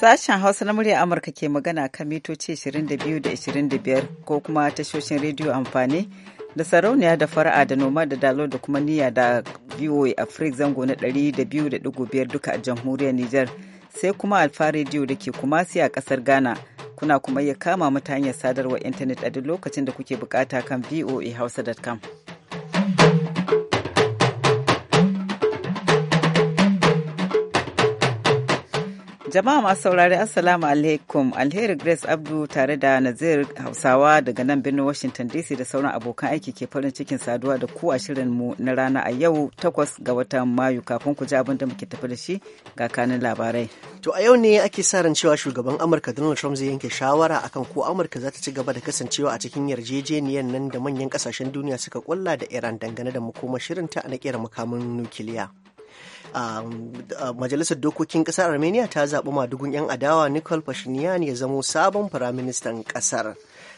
Sashen Hausa na murya Amurka ke magana kan mitoci 22 da 25 ko kuma tashoshin rediyo amfani da sarauniya da fara'a da noma da dalo da kuma niyya da VOA Africa zango na 200.5 duka a jamhuriyar Nijar sai kuma Alfa rediyo da ke kumasi a kasar Ghana. Kuna kuma ya kama mutane hanyar sadarwar intanet a duk lokacin da kuke bukata kan voahausa.com. Jama'a masu saurari Assalamu alaikum Alheri Grace Abdu tare da Nazir Hausawa daga nan birnin Washington DC da sauran abokan aiki ke farin cikin saduwa da ku a shirin mu na rana a yau takwas ga watan Mayu kafin ku ji abin da muke tafi da shi ga kanin labarai. To a yau ne ake sa ran cewa shugaban Amurka Donald Trump zai yanke shawara akan ko Amurka za ta ci gaba da kasancewa a cikin yarjejeniyar nan da manyan kasashen duniya suka kulla da Iran dangane da makomar shirinta na kera makamin nukiliya. Um, uh, majalisar dokokin kasar armenia ta zaɓi madugun 'yan adawa nikol pashinyan ya zamo sabon firaministan ƙasar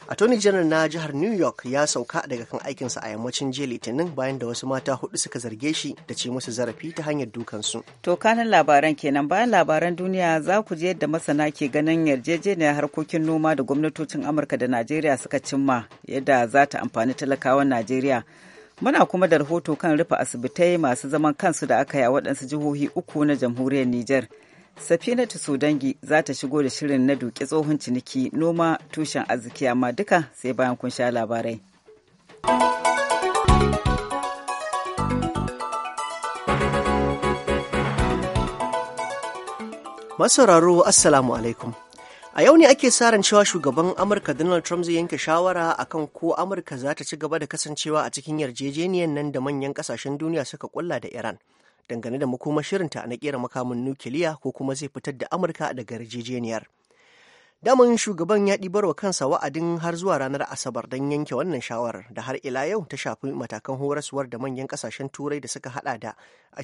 attorney general na jihar new york ya sauka daga kan aikinsa a yammacin jiya litinin bayan da wasu mata hudu suka zarge shi da ce musu zarafi ta hanyar dukansu to kanan labaran kenan bayan labaran duniya za ku je yadda masana ke ganin yarjejeniyar harkokin noma da gwamnatocin amurka da najeriya suka cimma yadda za ta amfani talakawan najeriya Muna kuma da rahoto kan rufe asibitai masu zaman kansu da aka yi a waɗansu jihohi uku na jamhuriyar Nijar. Safinatu Sudangi za ta shigo da shirin na duke tsohon ciniki noma tushen arziki amma duka sai bayan kun sha labarai. Masauraro Assalamu alaikum. A yau ne ake sa ran cewa shugaban Amurka Donald Trump zai yanke shawara akan ko Amurka za ta ci gaba da kasancewa a cikin yarjejeniyar nan da manyan kasashen duniya suka kulla da Iran dangane da makomar shirinta na kera makamin nukiliya ko kuma zai fitar da Amurka daga yarjejeniyar. Daman shugaban ya ɗibar wa kansa wa'adin har zuwa ranar Asabar don yanke wannan shawarar da har ila yau ta shafi matakan horaswar da manyan kasashen turai da suka hada da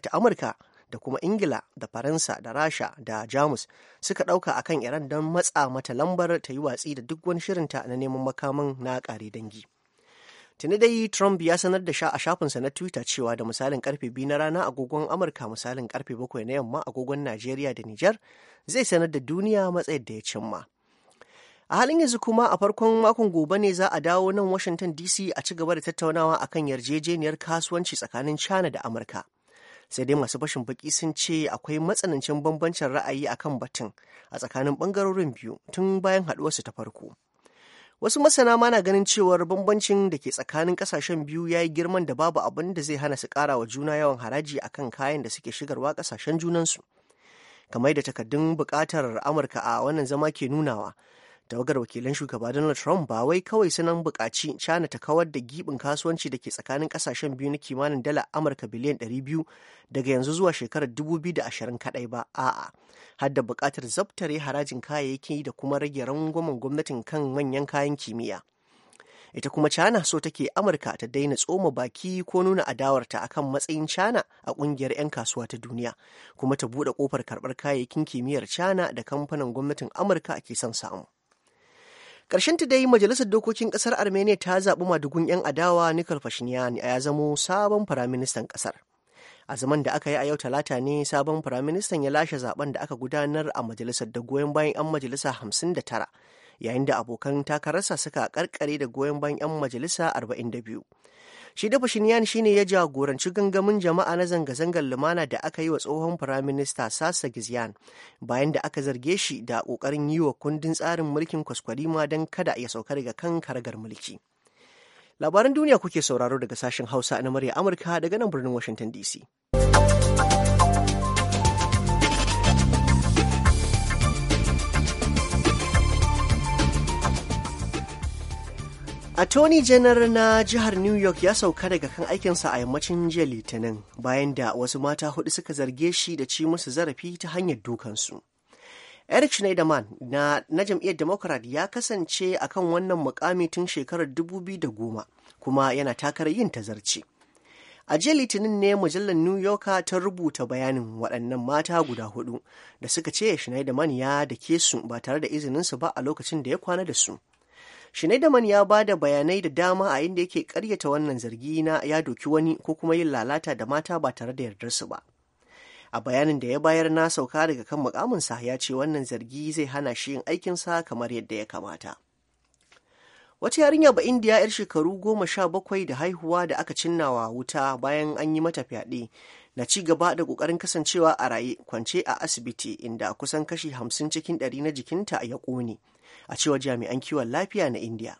ta Amurka da kuma ingila da faransa da rasha da jamus suka ɗauka a kan iran don matsa mata lambar ta yi watsi da duk wani shirinta na neman makamin na ƙare dangi tuni dai trump ya sanar da sha a shafinsa na twitter cewa da misalin karfe biyu na rana agogon amurka misalin karfe bakwai na yamma agogon najeriya da niger zai sanar da duniya matsayin da ya cimma a halin yanzu kuma a farkon makon gobe ne za a dawo nan washington dc a ci gaba da tattaunawa akan yarjejeniyar kasuwanci tsakanin china da amurka sai dai masu bashin baki sun ce akwai matsanancin bambancin ra'ayi a kan batun a tsakanin bangarorin biyu tun bayan haɗuwarsu ta farko wasu masana ma na ganin cewar bambancin da ke tsakanin kasashen biyu ya yi girman da babu abin da zai hana su kara wa juna yawan haraji a kan kayan da suke shigarwa kasashen junansu kamar da takaddun bukatar amurka a wannan zama ke nunawa tawagar wakilan shugaba donald trump ba wai kawai sunan bukaci china ta kawar da gibin kasuwanci da ke tsakanin kasashen biyu na kimanin dala amurka biliyan 200 daga yanzu zuwa shekarar 2020 kadai ba a'a har da bukatar zabtare harajin kayayyaki da kuma rage rangwamen gwamnatin kan manyan kayan kimiyya ita kuma china so take amurka ta daina tsoma baki ko nuna adawarta akan matsayin china a kungiyar 'yan kasuwa ta duniya kuma ta buɗe kofar karɓar kayayyakin kimiyyar china da kamfanin gwamnatin amurka ke son samu ta dai majalisar dokokin ƙasar Armenia ta zaɓi madugun 'yan adawa Nikol fashinyan ya zamo sabon firaministan ƙasar. A zaman da aka yi a yau talata ne sabon firaministan ya lashe zaben da aka gudanar a majalisar da goyon bayan 'yan majalisa 59 yayin da abokan takararsa suka karkare da goyon bayan 'yan majalisa 42. Shi da shi shine ya jagoranci gangamin jama'a na zanga-zangar lumana da aka yi wa tsohon firaminista Sasa Gizyan bayan da aka zarge shi da ƙoƙarin yi wa kundin tsarin mulkin kwaskwalima don kada ya sauka daga kan karagar mulki. Labaran duniya kuke sauraro daga sashen Hausa na murya Amurka daga nan birnin Washington DC. Attorney Janar na jihar New York ya sauka daga kan aikinsa a yammacin jiya Litinin bayan da wasu mata hudu suka zarge shi da ci musu zarafi ta hanyar dukansu. Eric Schneiderman na, na jam'iyyar Democrat ya kasance a kan wannan mukami tun shekarar 2010 kuma yana takarar yin ta zarci. A jiya Litinin ne mujallar New Yorker ta rubuta bayanin waɗannan mata guda hudu da suka ce Schneiderman ya dake su ba tare da izininsu ba a lokacin da ya kwana da su. shinaidaman ya ba da bayanai da dama a inda yake karyata wannan zargi na ya doki wani ko kuma yin lalata da mata ba tare da yardar su ba. A bayanin da ya bayar na sauka daga kan mukaminsa ya ce wannan zargi zai hana shi yin aikinsa kamar yadda ya kamata. Wata yarinya ba indiya 'yar shekaru goma sha bakwai da haihuwa da aka cinnawa wuta bayan an yi mata fyaɗe na ci gaba da ƙoƙarin kasancewa a raye kwance a asibiti inda kusan kashi hamsin cikin ɗari na jikinta ya ƙone. a cewar jami'an kiwon lafiya na India.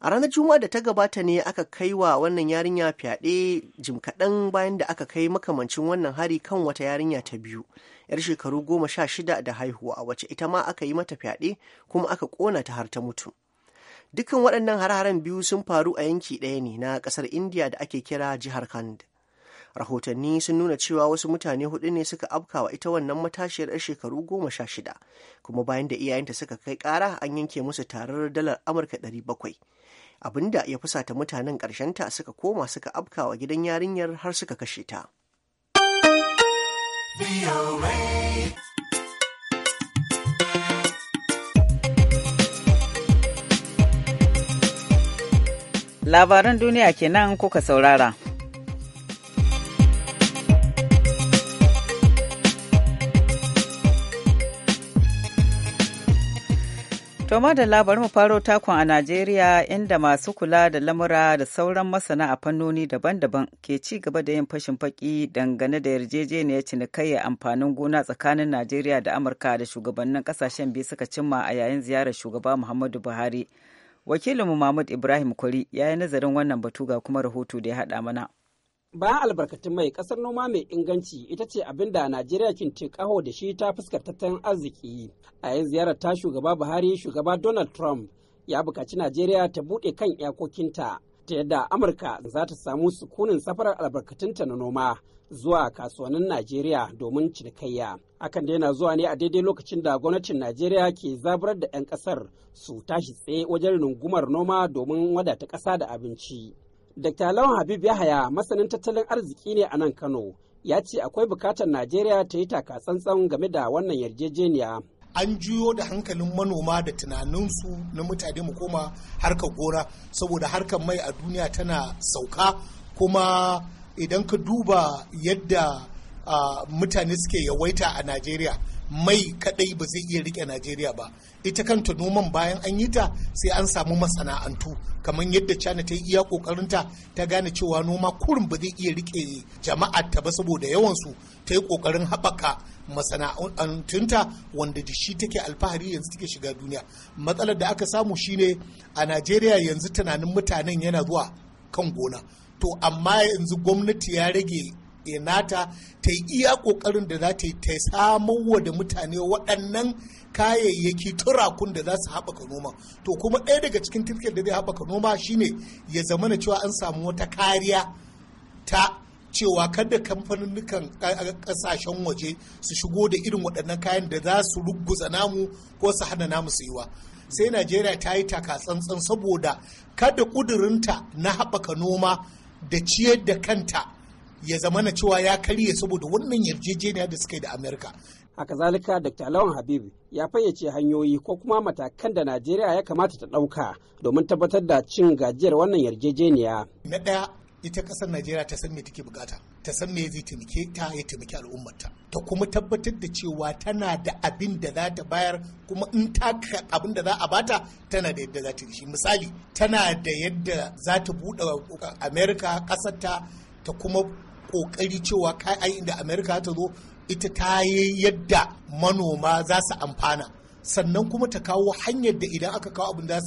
a ranar juma'a da ta gabata ne aka kai wa wannan yarinya fyaɗe jim kaɗan bayan da aka kai makamancin wannan hari kan wata yarinya ta biyu yar shekaru goma sha shida da haihuwa wacce ita ma aka yi mata fyaɗe kuma aka ƙona ta har ta mutu dukkan waɗannan har-haren biyu sun faru a yanki ɗaya ne na ƙasar India da ake kira jihar kand rahotanni sun nuna cewa wasu mutane hudu ne suka wa ita wannan matashiyar 'yar shekaru goma sha shida kuma bayan da iyayenta suka kai kara an yanke musu tarar dalar amurka ɗari bakwai, abinda ya fusata mutanen ta suka koma suka wa gidan yarinyar har suka kashe ta. Labaran duniya kenan kuka saurara. To da bari mu faro takon a Najeriya inda masu kula da lamura da sauran masana a fannoni daban-daban ke ci gaba da yin fashin faki dangane da yarjejeniyar cinikayya amfanin gona tsakanin Najeriya da Amurka da shugabannin kasashen biyu suka cimma a yayin ziyarar shugaba Muhammadu Buhari. Wakilinmu Mahmud Ibrahim Kwari ya yi nazarin wannan batu ga kuma rahoto da ya haɗa mana. bayan albarkatun mai kasar noma mai inganci ita ce abin da najeriya kin ce kaho da shi ta fuskar tattalin arziki a yin ziyarar ta shugaba buhari shugaba donald trump ya bukaci najeriya ta buɗe kan iyakokinta ta yadda amurka za ta samu sukunin safarar albarkatunta na noma zuwa kasuwannin najeriya domin cinikayya hakan da yana zuwa ne a daidai lokacin da gwamnatin najeriya ke zaburar da 'yan kasar su tashi tsaye wajen rungumar noma domin wadata ƙasa da abinci Dr. Lawan Habib Yahaya masanin tattalin arziki ne a nan Kano ya ce akwai bukatar Najeriya ta yi taka tsantsan game da wannan yarjejeniya. An juyo da hankalin manoma da tunaninsu na mutane mu koma harkar gora saboda harkar mai a duniya tana sauka kuma idan ka duba yadda ah, mutane suke yawaita a Najeriya. mai kadai ba zai iya rike najeriya ba ita kanta noman bayan an yi ta sai an samu masana'antu kamar yadda china ta yi iya kokarinta ta gane cewa noma kurin ba zai iya rike jama'ar ta ba saboda yawansu ta yi kokarin haɓaka masana'antunta wanda da shi take alfahari yanzu take shiga duniya matsalar da aka samu shine a najeriya yanzu tunanin mutanen yana zuwa kan gona to amma yanzu gwamnati ya rage nata ta yi iya kokarin da za ta yi ta samarwa da mutane waɗannan kayayyaki turakun da za su haɓaka noma to kuma ɗaya daga cikin tilkiyar da zai haɓaka noma shine ya zama na cewa an samu wata kariya ta cewa kada kamfaninnukan ƙasashen waje su shigo da irin waɗannan kayan da za su ruguza namu ko su hana namu su yi wa sai najeriya ta yi taka tsantsan saboda kada ƙudurinta na haɓaka noma da ciyar da kanta ya zama na cewa ya karye saboda wannan yarjejeniya da suka yi da Amerika. Haka zalika Dr. Lawan Habib ya fayyace hanyoyi ko kuma matakan da Najeriya ya kamata ta ɗauka domin tabbatar da cin gajiyar wannan yarjejeniya. Na ɗaya ita ƙasar Najeriya ta san me take bukata, ta san me zai taimake ta ya taimaki al'ummarta, ta kuma tabbatar da cewa tana da abin da za ta bayar kuma in ta abin da za a bata tana da yadda za ta shi. Misali, tana da yadda za ta buɗe uh, Amerika ƙasarta ta kuma kokari cewa kai ayin da amerika ta zo ita ta yi yadda manoma za su amfana sannan kuma ta kawo hanyar da idan aka kawo abin da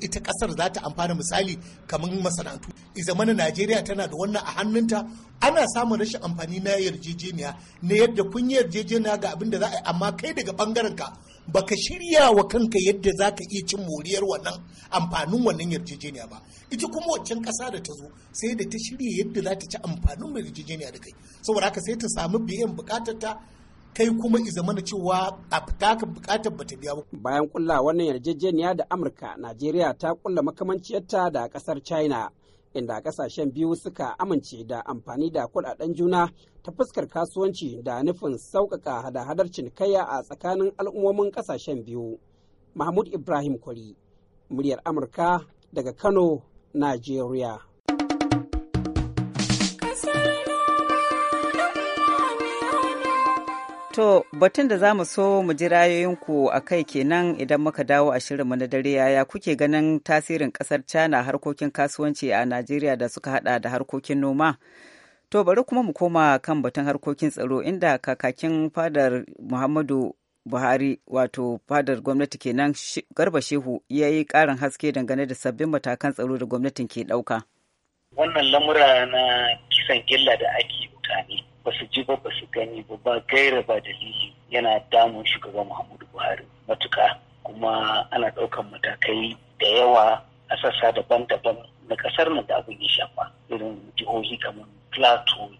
ita kasar za ta amfana misali kamar masana'antu izamana najeriya tana da wannan a hannunta ana samun rashin amfani na yarjejeniya na yadda kun yi yarjejeniya ga abin da za a yi amma kai daga bangaren ka baka shirya wa kanka yadda za ka iya cin moriyar wannan amfanin wannan yarjejeniya ba ita kuma waccan kasa da ta zo sai da ta shirya yadda za ta ci amfanin mai yarjejeniya da kai saboda haka sai ta samu biyan bukatar ta kai kuma i zamana cewa a taka bukatar bata biya ba. Bayan kulla wannan yarjejeniya da Amurka, Najeriya ta kulla makamanciyarta da kasar China inda kasashen biyu suka amince da amfani da kudaden juna ta fuskar kasuwanci da nufin sauƙaƙa hada-hadar cinikayya a tsakanin al'ummomin kasashen biyu. Mahmud Ibrahim Kwari, muryar Amurka daga Kano, Najeriya. To, batun da za mu so mu ji rayoyinku a kai kenan idan muka dawo a shirinmu na dare yaya kuke ganin tasirin kasar China harkokin kasuwanci a Najeriya da suka hada da harkokin noma. To, bari kuma mu koma kan batun harkokin tsaro inda kakakin fadar Muhammadu Buhari wato fadar gwamnati kenan Garba Shehu ya yi ƙarin haske dangane da sabbin matakan tsaro da gwamnatin ke ɗauka. Wannan lamura na kisan gilla da ake mutane. ba su ji ba ba su gani ba ba gaira ba dalili yana damun shugaba muhammadu buhari matuka kuma ana ɗaukan matakai da yawa a sassa daban-daban na ƙasar nan da abin ya shafa irin jihohi kamar plateau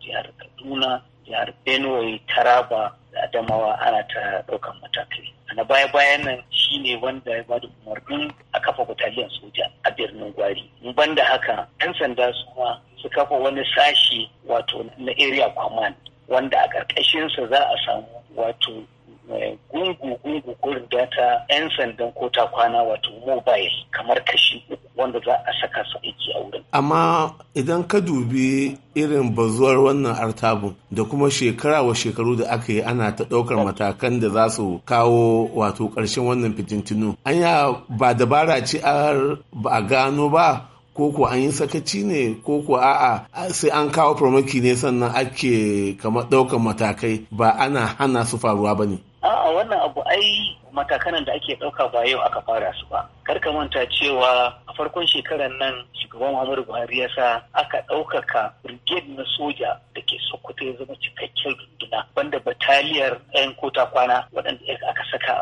jihar kaduna jihar benue taraba da adamawa ana ta ɗaukan matakai na baya bayan nan shi ne wanda ya bada umarnin a kafa bataliyan soja a birnin gwari ban da haka yan sanda su ma su kafa wani sashi wato na area command wanda a ƙarƙashinsa za a samu wato gungu-gungu gurin data 'yan sandan ko ta kwana wato mobile kamar kashi wanda za a saka su aiki a wurin. Amma idan ka dubi irin bazuwar wannan artabun da kuma shekara wa shekaru da aka yi ana ta ɗaukar matakan da za su kawo wato ƙarshen wannan fitintinu. Anya ba dabara ci ba a gano ba ko an yi sakaci ne ko a'a sai an kawo farmaki ne sannan ake kama ɗaukar matakai ba ana hana su faruwa ba ne. wannan abu ai matakanan da ake ɗauka ba yau aka fara su ba kar ka manta cewa a farkon shekarar nan shugaban muhammadu buhari ya sa aka ɗaukaka brigade na soja da ke sokoto ya zama cikakken runduna banda bataliyar 'yan kota kwana waɗanda aka saka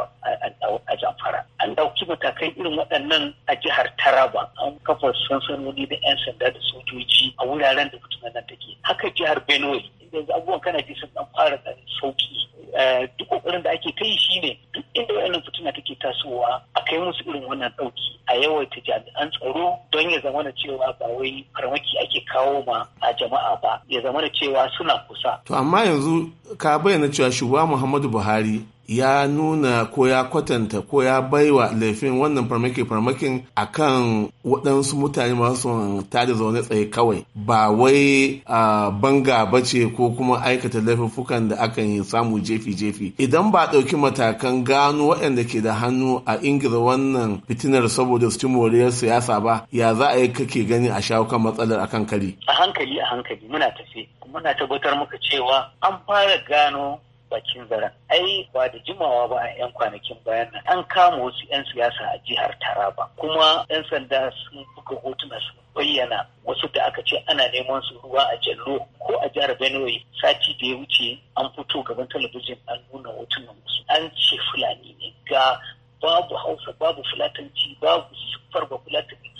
a jamfara an ɗauki matakan irin waɗannan a jihar taraba an kafa sansanoni da 'yan sanda da sojoji a wuraren da mutum nan take haka jihar benue yanzu abubuwan kana ji sun ɗan fara sauki eh, duk kokarin da ake kai shine duk inda wannan fitina take tasowa a kai musu irin wannan dauki a yawaita jami'an tsaro don ya zama na cewa ba wai farmaki ake kawo ma a jama'a ba ya zama na cewa suna kusa to amma yanzu ka bayyana cewa shugaba Muhammadu Buhari ya nuna ko ya kwatanta ko ya baiwa laifin wannan farmaki farmakin kan waɗansu mutane masu da zaune tsaye kawai ba wai a banga ba ce ko kuma aikata laifuffukan da akan yi samu jefi-jefi idan ba ɗauki matakan gano waɗanda ke da hannu a ingiza wannan fitinar saboda su ci moriyar siyasa ba ya za a yi kake gani a shawo kan matsalar akan kari a hankali a hankali muna tafi muna tabbatar muka cewa an fara gano bakin zaren ai ba da jimawa ba a 'yan kwanakin bayan nan an kama wasu 'yan siyasa a jihar taraba kuma 'yan sanda sun buga hotuna su bayyana wasu da aka ce ana neman su ruwa a jallo ko a jihar benue sati da ya wuce an fito gaban talabijin an nuna hotunan su an ce fulani ne ga babu hausa babu fulatanci babu siffar ba fulatanci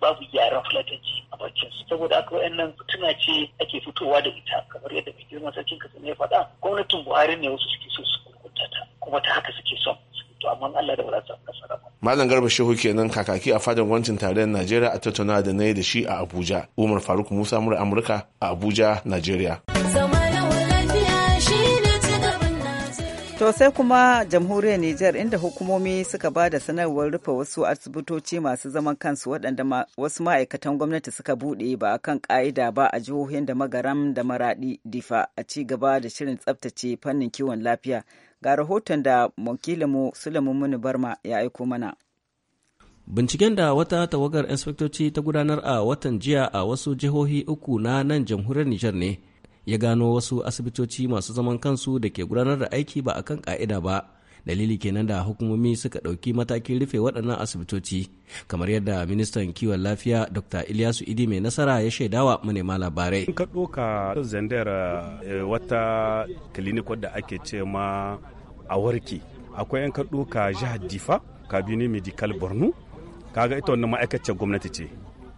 babu yaren fulatanci a bakin su saboda aka wayannan fituna ce ake fitowa da ita kamar yadda mai girma sarkin katsina ya faɗa gwamnatin buhari ne wasu suke so su kurkunta ta kuma ta haka suke son to amma Allah da ba za su nasara ba Malam Garba Shehu kenan kakaki a fadar gwamnatin tarayyar Najeriya a tattauna da na yi da shi a Abuja Umar Faruk Musa mura Amurka a Abuja Najeriya To sai kuma jamhuriyar Nijar inda hukumomi suka ba da sanarwar rufe wasu asibitoci masu zaman kansu waɗanda wasu ma'aikatan gwamnati suka buɗe ba a kan ƙa'ida ba a jihohin da magaram da maraɗi difa a ci gaba da shirin tsabtace fannin kiwon lafiya. Ga rahoton da wakilinmu Sulaiman Muni Barma ya aiko mana. Binciken da wata tawagar inspektoci ta gudanar a watan jiya a wasu jihohi uku na nan jamhuriyar Nijar ne ya gano wasu asibitoci masu zaman kansu da ke gudanar da aiki ba a kan ƙa'ida ba dalili kenan da hukumomi suka ɗauki matakin rufe waɗannan asibitoci kamar yadda ministan kiwon lafiya dr ilyasu idi mai nasara ya shaidawa manema labarai in ka ɗoka zandar eh, wata klinik wadda ake ce ma a warki akwai yan ka ɗoka jihar difa kabini medical borno kaga ita wannan ma'aikacin gwamnati ce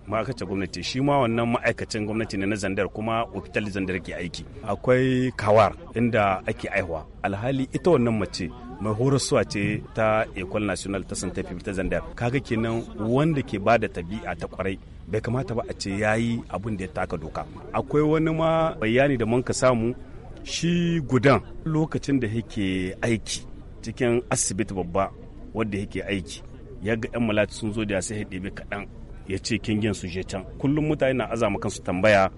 ma'aikacin gwamnati shi ma wannan ma'aikacin gwamnati ne na zandar kuma ofital zandar ke aiki akwai kawar inda ake aihuwa alhali ita wannan mace mai horaswa ce ta ecole national ta santa ta zandar kaga kenan wanda ke ba da tabi'a ta kwarai bai kamata ba a ce ya yi abin da ya taka doka akwai wani ma bayani da mun ka samu shi gudan lokacin da yake aiki cikin asibiti babba wadda yake aiki ya ga 'yan malati sun zo da sai ya ɗebe kaɗan ya ce kingin su je can kullum mutane na azama kansu tambaya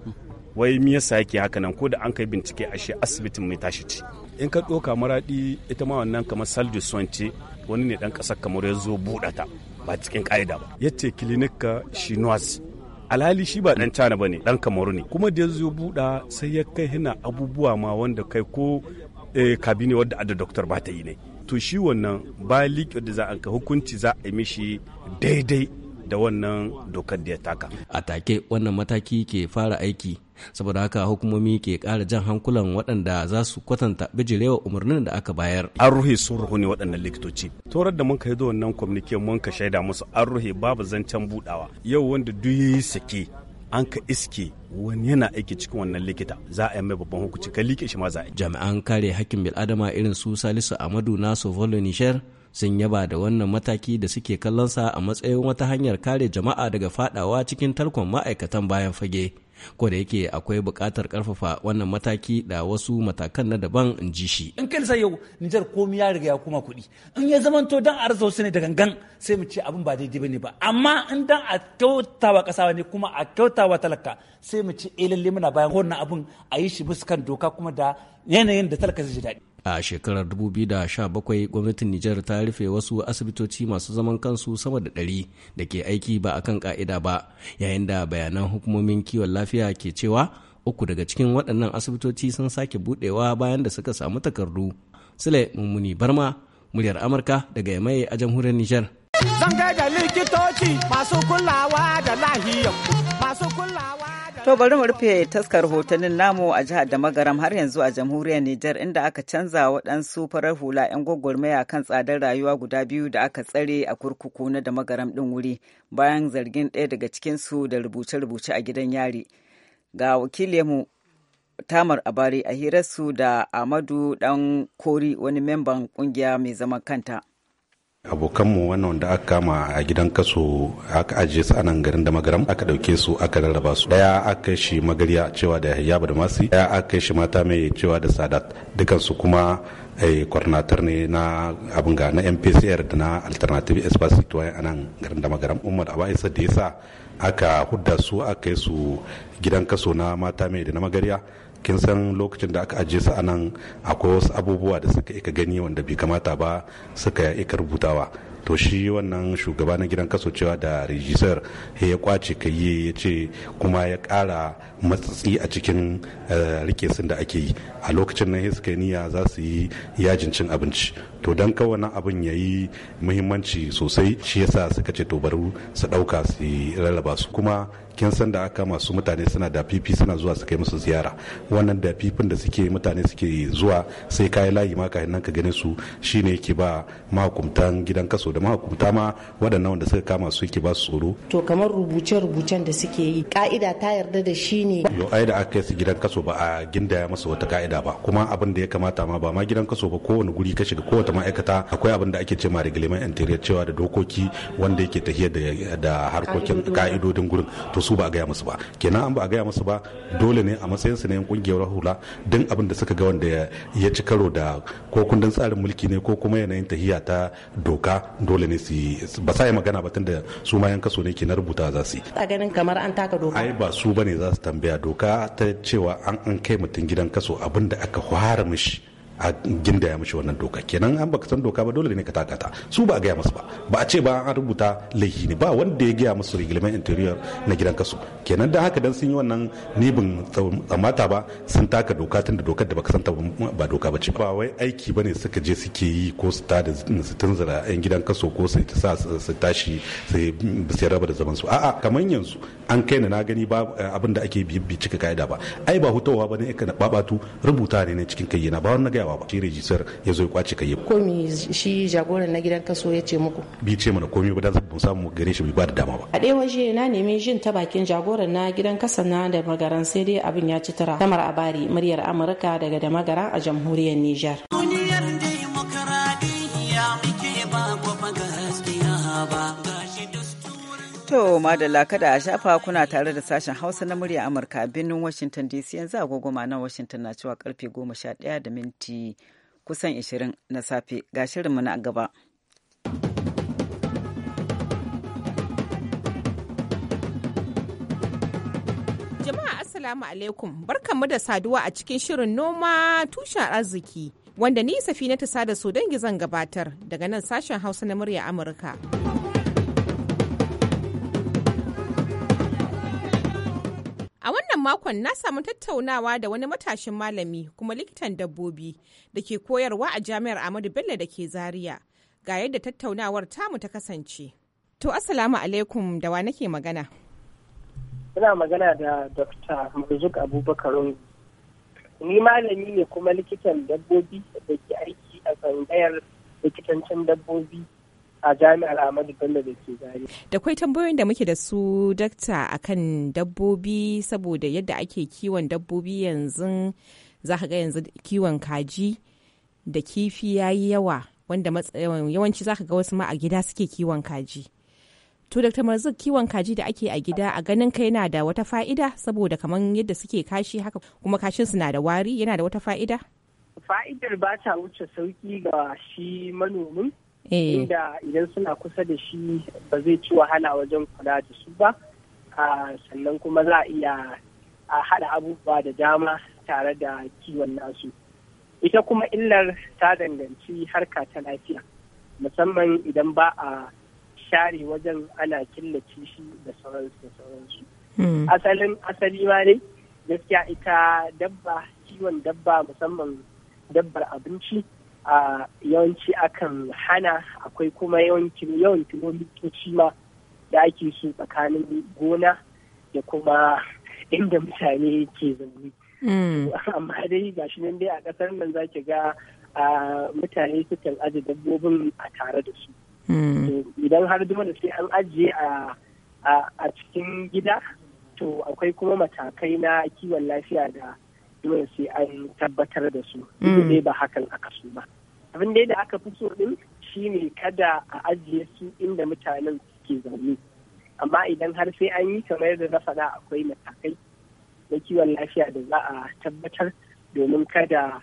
wai me yasa yake haka nan ko da an kai bincike a ashe asibitin mai tashi ci in ka doka maradi ita ma wannan kamar saldi ce wani ne dan kasar kamar ya zo buɗata ba cikin ka'ida ba ya ce ka chinoise. alhali shi ba dan cana ba dan kamaru ne kuma da ya zo buɗa sai ya kai hina abubuwa ma wanda kai ko eh, kabine wadda ada doktor ba ta yi ne to shi wannan ba liƙe da za a ka hukunci za a yi mishi daidai da wannan dokar da ya taka. A take wannan mataki ke fara aiki saboda haka hukumomi ke ƙara jan hankulan waɗanda za su kwatanta bijirewa umarnin da aka bayar. An ruhe sun ruhu ne waɗannan likitoci. Torar da mun yi da wannan kwamnike mun ka shaida musu an ruhe babu zancen buɗawa. Yau wanda duk yi sake an ka iske wani yana aiki cikin wannan likita za a yi mai babban hukunci ka liƙe shi ma za a yi. Jami'an kare hakkin bil'adama irin su Salisu Amadu Naso Volo Nishar sun yaba da wannan mataki da suke kallonsa a matsayin wata hanyar kare jama'a daga fadawa cikin tarkon ma'aikatan bayan fage ko da yake akwai buƙatar ƙarfafa wannan mataki da wasu matakan na daban in ji shi in sai yau nijar komi ya riga ya kuma kuɗi in ya zamanto dan arzo rasa ne da gangan sai mu ce abin ba daidai bane ba amma in dan a kyautawa ƙasa ne kuma a kyautawa talaka sai mu ce eh lalle muna bayan wannan abin a yi shi bisa kan doka kuma da yanayin da talaka zai ji daɗi a shekarar 2017 gwamnatin nijar ta rufe wasu asibitoci masu zaman kansu sama da ɗari da ke aiki ba a kan ƙa'ida ba yayin da bayanan hukumomin kiwon lafiya ke cewa uku daga cikin waɗannan asibitoci sun sake buɗewa bayan da suka samu takardu sule mummuni barma muryar amurka daga yamai a jamhuriyar nijar zan da likitoci masu kulawa da lahiyar masu kulawa To bari mu rufe taskar hotunan namu a jihar da magaram har yanzu a jamhuriyar Nijar inda aka canza waɗansu farar hula 'yan gwagwarmaya kan tsadar rayuwa guda biyu da aka tsare a kurkuku na da magaram ɗin wuri bayan zargin ɗaya daga cikinsu da rubuce-rubuce a gidan yari. Ga wakilinmu Tamar Abari a hirarsu da Amadu Ɗan Kori wani memban ƙungiya mai zaman kanta. abokanmu wannan wanda aka kama a gidan kaso aka ajiye su a nan garin da magaram aka dauke su aka rarraba su daya aka shi magarya cewa da ya da masi daya aka shi mata mai cewa da sadat dukansu kuma kwarnatar eh, ne na abin ga na mpcr da na alternative espace citoyen a nan garin da magaram umar abaisa da sa aka hudda su aka yi su gidan kaso na mata mai da na magarya kin san lokacin da aka ajiye su a nan akwai wasu abubuwa da suka ika gani wanda bai kamata ba suka ika rubutawa to shi wannan shugaba na gidan kaso cewa da rijisar ya kwace kai ya ce kuma ya kara matsatsi a cikin eh, rike sun da ake yi a lokacin nan suka yi niyya za su yi yajin cin abinci to don kawana abin ya yi muhimmanci sosai shi yasa suka ce to bari su ɗauka su rarraba su kuma kin san da aka masu mutane suna da fifi suna zuwa su kai musu ziyara wannan da fifin da suke mutane suke zuwa sai kayi layi ma kayan nan ka gane su shine yake ba mahukuntan gidan kaso da mahukunta ma waɗannan wanda suka kama su yake ba su tsoro to kamar rubuce-rubucen da suke yi ka'ida ta yarda da shi ne yo ai da aka yi gidan kaso ba a gindaya masa wata ka'ida ba kuma abin da ya kamata ma ba ma gidan kaso ba kowane guri ka shiga kowace ma'aikata akwai abin da ake cewa reglement interior cewa da dokoki wanda yake tahiyar da harkokin ka'idodin gurin to su ba a gaya musu ba kenan an ba a gaya musu ba dole ne a matsayin su ne yan kungiyar hula dan abin da suka ga wanda ya ci karo da ko kundin tsarin mulki ne ko kuma yanayin tahiya ta doka dole ne su ba sa magana ba tunda su ma yan kaso ne ke na rubuta za su yi a ganin kamar an taka doka ai ba su ne za su tambaye tambaya doka ta cewa an an kai mutum gidan kaso abin da aka fara mishi a gindaya mishi wannan doka kenan an baka san doka ba dole ne ka takata su ba a gaya musu ba ba a ce ba an rubuta laihi ne ba wanda ya gaya masu rigilman interior na gidan kaso kenan da haka dan sun yi wannan nibin tsamata ba sun taka doka tun da dokar da baka santa ba doka ba ce ba wai aiki bane suka je suke yi ko su da su tunzura yan gidan kaso ko su sa su tashi su raba da zaman su a'a kamar yanzu an kai na gani ba eh, abin da ake bi cika ka'ida ba ai ba hutawa ba ne eh, ka na babatu rubuta ne na cikin kayyana ba wani gayawa ba shi rijistar ya zo ya kwace kayyana ko mi shi jagoran na gidan kaso ya ce muku bi ce mana komai ba da zan samu gare shi ba da dama ba a ɗaya waje na nemi jin ta bakin jagoran na gidan kasa na da magaran sai dai abin ya ci tara tamar abari muryar amurka daga da magara a jamhuriyar nijar. duniyar To madalla kada a shafa kuna tare da sashen Hausa na murya Amurka a birnin Washington DC yanzu agogoma na Washington na cewa karfe ɗaya da minti kusan 20 na safe ga shirinmu na gaba. Jama'a Assalamu alaikum barkanmu da saduwa a cikin shirin noma tushen arziki wanda ni safi na ta Sada dangi zan gabatar daga nan sashen Hausa na murya Amurka. makon na samu tattaunawa da wani matashin malami kuma likitan dabbobi da ke koyarwa a jami'ar Ahmadu Bello da ke Zaria. Ga yadda tattaunawar tamu ta kasance. To Assalamu alaikum da wa nake magana. Ina magana da Dr. Marzuk Abubakar Ni malami ne kuma likitan dabbobi da ke aiki a tsangayar likitancin dabbobi a jami'ar Ahmadu Bello da ke gari. Da kwai tambayoyin da muke da su dakta akan dabbobi saboda yadda ake kiwon dabbobi yanzu za ka ga yanzu kiwon kaji da kifi ya yi yawa wanda yawanci za ka ga wasu ma a gida suke kiwon kaji. To dakta Marzuk kiwon kaji da ake a gida a ganin ka yana da wata fa'ida saboda kamar yadda suke kashi haka kuma kashin su na da wari yana da wata fa'ida? Fa'idar ba ta wuce sauki ga shi manomin Eh. inda idan suna kusa da shi ba zai ci wahala wajen kula da su ba ah, sannan kuma za a iya a haɗa abubuwa da dama tare da kiwon nasu ita kuma illar ta danganci harka ta lafiya musamman idan ba a share wajen ana killace shi da sauransu da sauransu hmm. asalin asali ma dai gaskiya ita dabba kiwon dabba musamman dabbar abinci a yawanci akan hana akwai kuma yawan kilomitoci ma da ake su tsakanin gona da kuma inda mutane ke zaune. Mm. amma dai shi nan dai a ƙasar nan za ki ga mutane sukan aje dabbobin a tare da su mm. idan har dole sai an ajiye a cikin gida to akwai kuma matakai na kiwon lafiya da dole sai an tabbatar da su ne mm. ba hakan aka su ba abin dai da aka fi so din shine kada a ajiye su inda mutanen suke zaune amma idan har sai an yi kamar yadda na faɗa akwai matakai na kiwon lafiya da za a tabbatar domin kada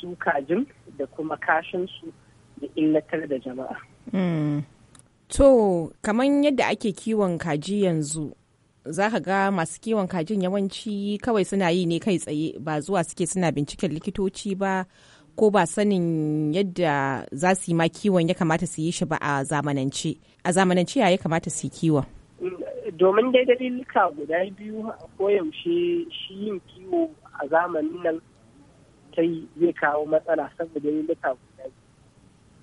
su kajin da kuma kashin su da illatar da jama'a. Mm. To, kamar yadda ake kiwon kaji yanzu, za ka ga masu kiwon kajin yawanci kawai suna yi ne kai tsaye ba zuwa suke suna binciken likitoci ba ko ba sanin yadda za su yi ma kiwon ya kamata su yi shi ba a zamanance a zamanance ya kamata su yi kiwon domin dai dalilika guda biyu a koyaushe shi yin kiwo a zamanin nan ta zai kawo matsala saboda dalilika guda biyu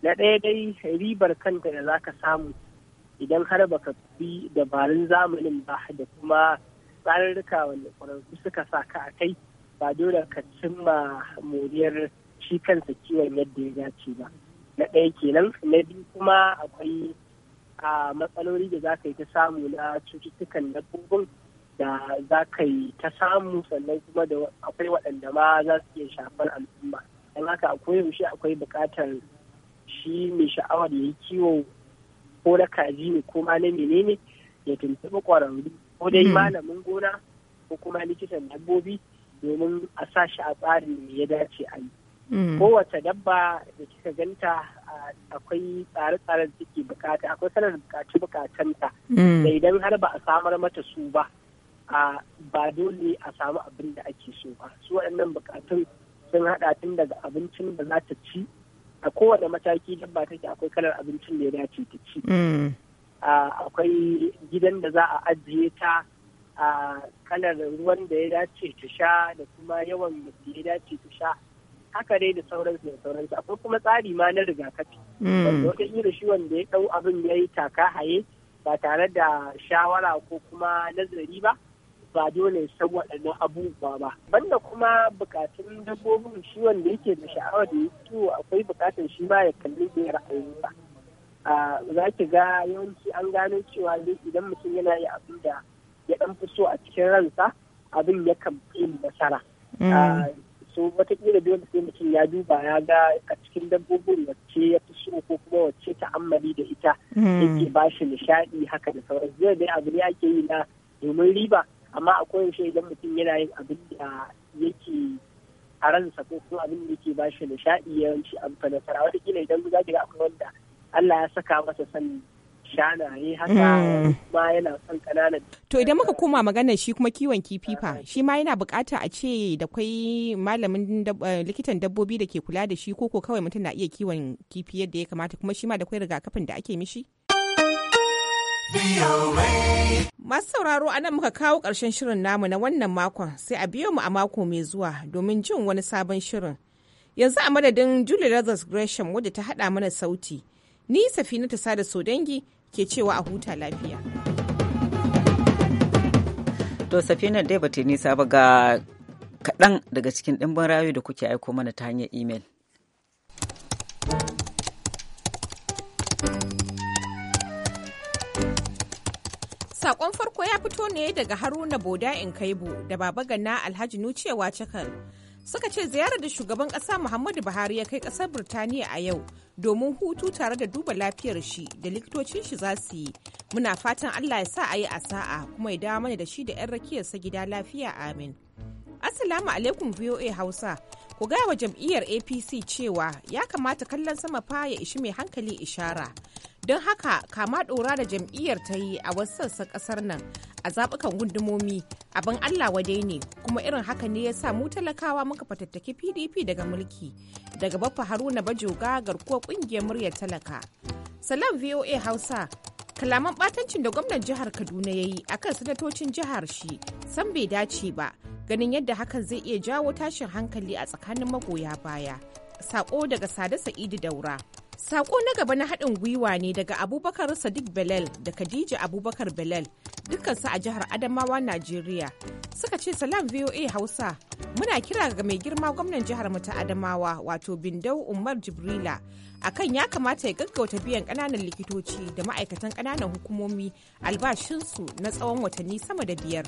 na ɗaya dai ribar kanta da za ka samu idan har baka bi dabarun zamanin ba da kuma tsarurruka wanda ƙwararru suka sa ka a kai ba dole ka cimma moriyar shi kansa kiwon yadda ya dace ba na ɗaya kenan na biyu kuma akwai a matsaloli da za ka yi ta samu na cututtukan dabbobin da za ka yi ta samu sannan kuma da akwai waɗanda ma za su iya shafar al'umma don haka akwai yaushe akwai buƙatar shi mai sha'awar ya yi kiwo ko na kaji ne ko ma na menene ya tuntuɓi ƙwararru ko dai hmm. malamin gona ko kuma likitan dabbobi domin a sa shi a tsarin da ya dace a yi. Hmm. Kowace dabba da kika ganta akwai tsare tsare da suke bukata akwai sanar bukaci bukatanta hmm. da idan har ba a samar mata su ba ba dole a samu abin da ake so ba su waɗannan bukatun sun haɗa tun daga abincin da za ta ci a kowane mataki dabba take akwai kalar abincin da ya dace ta ci mm. akwai gidan da za a ajiye ta a kalar ruwan da ya dace ta sha da kuma yawan da ya dace ta sha haka dai da sauransu da sauransu akwai kuma tsari ma na rigakafi mm. wanda wata irin shi wanda ya dau abin ya yi taka haye ba tare da shawara ko kuma nazari ba ba dole san waɗannan abubuwa ba banda kuma bukatun dabbobin shi wanda yake da sha'awa da ya kiwo akwai bukatun shi ma ya kalli da ba. za ki ga yawanci an gano cewa idan mutum yana yi abin da ya dan fi a cikin ransa abin ya kan fi nasara mm. so watakila dole sai mutum ya duba ya ga a cikin dabbobin wacce ya fi so ko kuma wacce ta'ammali da ita mm. yake ba shi nishaɗi haka da sauran zai dai abu ne ake yi na domin riba amma a koyaushe idan mutum yana yin abin da yake a ransa ko kuma abin da yake bashi nishaɗi yawanci a fa nasara wataƙila idan za ki ga akwai wanda Allah ya saka masa san shanaye haka hmm. ma yana son ƙananan. To idan muka koma magana shi kuma kiwon kifi fa shi ma yana bukata a ce da kwai malamin eh, likitan dabbobi da ke kula da shi ko kawai mutum na iya kiwon kifi yadda ya kamata kuma shi ma da kwai rigakafin da ake mishi? Masu sauraro a nan muka kawo ƙarshen shirin namu na wannan makon sai a biyo mu a mako mai zuwa domin jin wani sabon shirin. Yanzu a madadin Julie Rogers Gresham wadda ta haɗa mana sauti, ni safina ta sada dangi ke cewa a huta lafiya. To safina dai ba ta nisa ba ga kaɗan daga cikin ɗimbin rayu da kuke aiko mana ta hanyar imel. sakon farko ya fito ne daga Haruna Boda in kaibu da Baba Gana Alhaji Nucewa Cakal. Suka ce ziyarar da shugaban ƙasa Muhammadu Buhari ya kai kasar Birtaniya a yau domin hutu tare da duba lafiyar shi da likitocin shi za su yi. Muna fatan Allah ya sa a yi a sa'a kuma ya dawo mana da shi da 'yan rakiyarsa gida lafiya amin. Assalamu alaikum VOA Hausa. Ku gaya wa jam'iyyar APC cewa ya kamata kallon sama fa ya ishi mai hankali ishara. don haka kama ɗora da jam'iyyar ta yi a wasu sassan ƙasar nan a zaɓukan gundumomi abin allah wadai ne kuma irin haka ne ya sa mu talakawa muka fatattaki pdp daga mulki daga baffa haruna bajoga garkuwa ƙungiyar muryar talaka salam voa hausa kalaman ɓatancin da gwamnan jihar kaduna ya yi akan sanatocin jihar shi san bai dace ba ganin yadda hakan zai iya jawo tashin hankali a tsakanin magoya baya sako daga sada sa'idu daura Sako na gaba na haɗin gwiwa ne daga Abubakar Sadiq Belal da Khadija Abubakar Belal dukkansu a jihar Adamawa, Najeriya. Suka ce salam VOA Hausa muna kira ga mai girma gwamnan jihar mu ta Adamawa wato Bindau Umar Jibrila akan ya kamata ya gaggauta biyan ƙananan likitoci da ma'aikatan ƙananan hukumomi albashinsu na tsawon watanni sama da biyar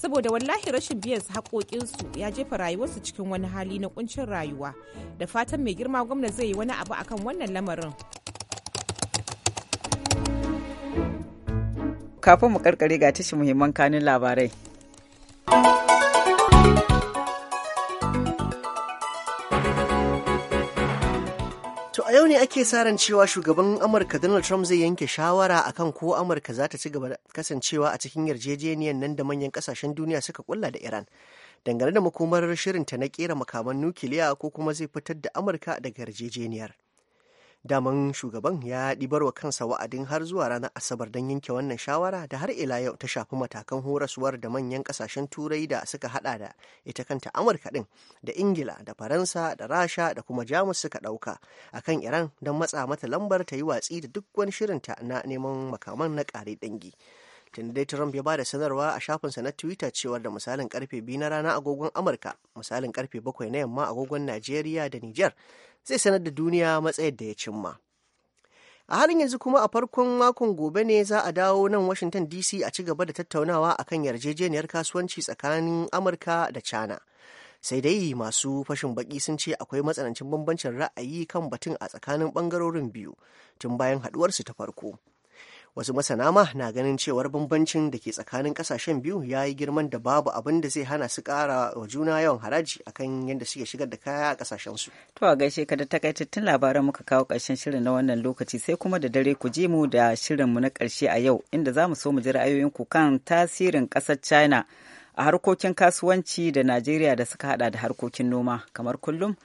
saboda wallahi rashin biyan su haƙoƙinsu ya jefa rayuwarsu cikin wani hali na kuncin rayuwa da fatan mai girma gwamna zai yi wani abu akan wannan lamarin kafin mu karkare ga tashi muhimman kanin labarai a yau ne ake sa ran cewa shugaban Amurka Donald Trump zai yanke shawara akan ko Amurka za ta ci gaba kasancewa a cikin yarjejeniyar nan da manyan kasashen duniya suka kulla da Iran. Dangane da makomar shirinta na kera makaman nukiliya ko kuma zai fitar da Amurka daga yarjejeniyar. daman shugaban ya ɗibar wa kansa wa'adin har zuwa ranar asabar don yanke wannan shawara da har ila yau ta shafi matakan horaswar da manyan ƙasashen turai da suka hada da ita kanta amurka ɗin da ingila da faransa da rasha da kuma jamus suka ɗauka akan iran don matsa mata lambar ta yi watsi da duk wani shirinta na neman makaman na ƙare dangi tun dai Trump ya ba da sanarwa a shafinsa na Twitter cewa da misalin karfe biyu na rana agogon Amurka, misalin karfe bakwai na yamma agogon Najeriya da Nijar, zai sanar da duniya matsayar da ya cimma. a halin yanzu kuma a farkon makon gobe ne za a dawo nan washington dc a ci gaba da tattaunawa a kan yarjejeniyar kasuwanci tsakanin amurka da china sai dai masu fashin baki sun ce akwai matsanancin bambancin ra'ayi kan batun a tsakanin bangarorin biyu tun bayan haduwarsu ta farko wasu masana ma na ganin cewar bambancin da ke tsakanin kasashen biyu ya yi girman da babu abin da zai hana su kara wa juna yawan haraji akan yadda suke shigar da kaya a kasashen su to a gaishe ka da takaitattun labaran muka kawo karshen shirin na wannan lokaci sai kuma da dare ku je mu da shirinmu na karshe a yau inda za mu so mu ji ra'ayoyinku kan tasirin kasar china a harkokin kasuwanci da najeriya da suka hada da harkokin noma kamar kullum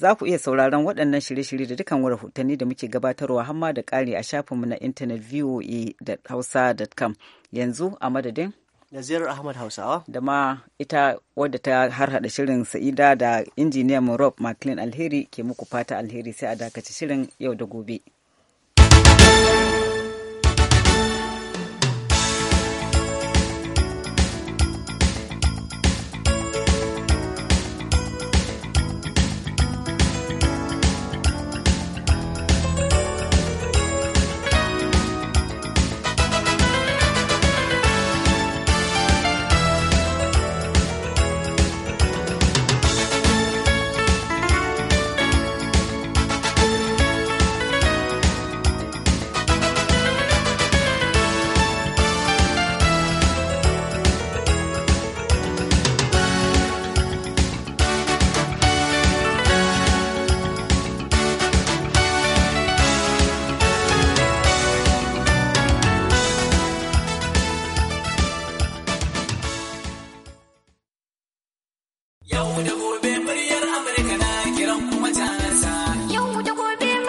za ku iya sauraron waɗannan shirye-shirye da dukkan rahotanni da muke gabatarwa hamma da ƙari a shafinmu na intanet voa.hausa.com yanzu a madadin nazirar ahmad hausawa da ma ita wadda ta harhaɗa shirin sa'ida da injiniyan rob mclean alheri ke muku fata alheri sai a dakaci shirin yau da gobe.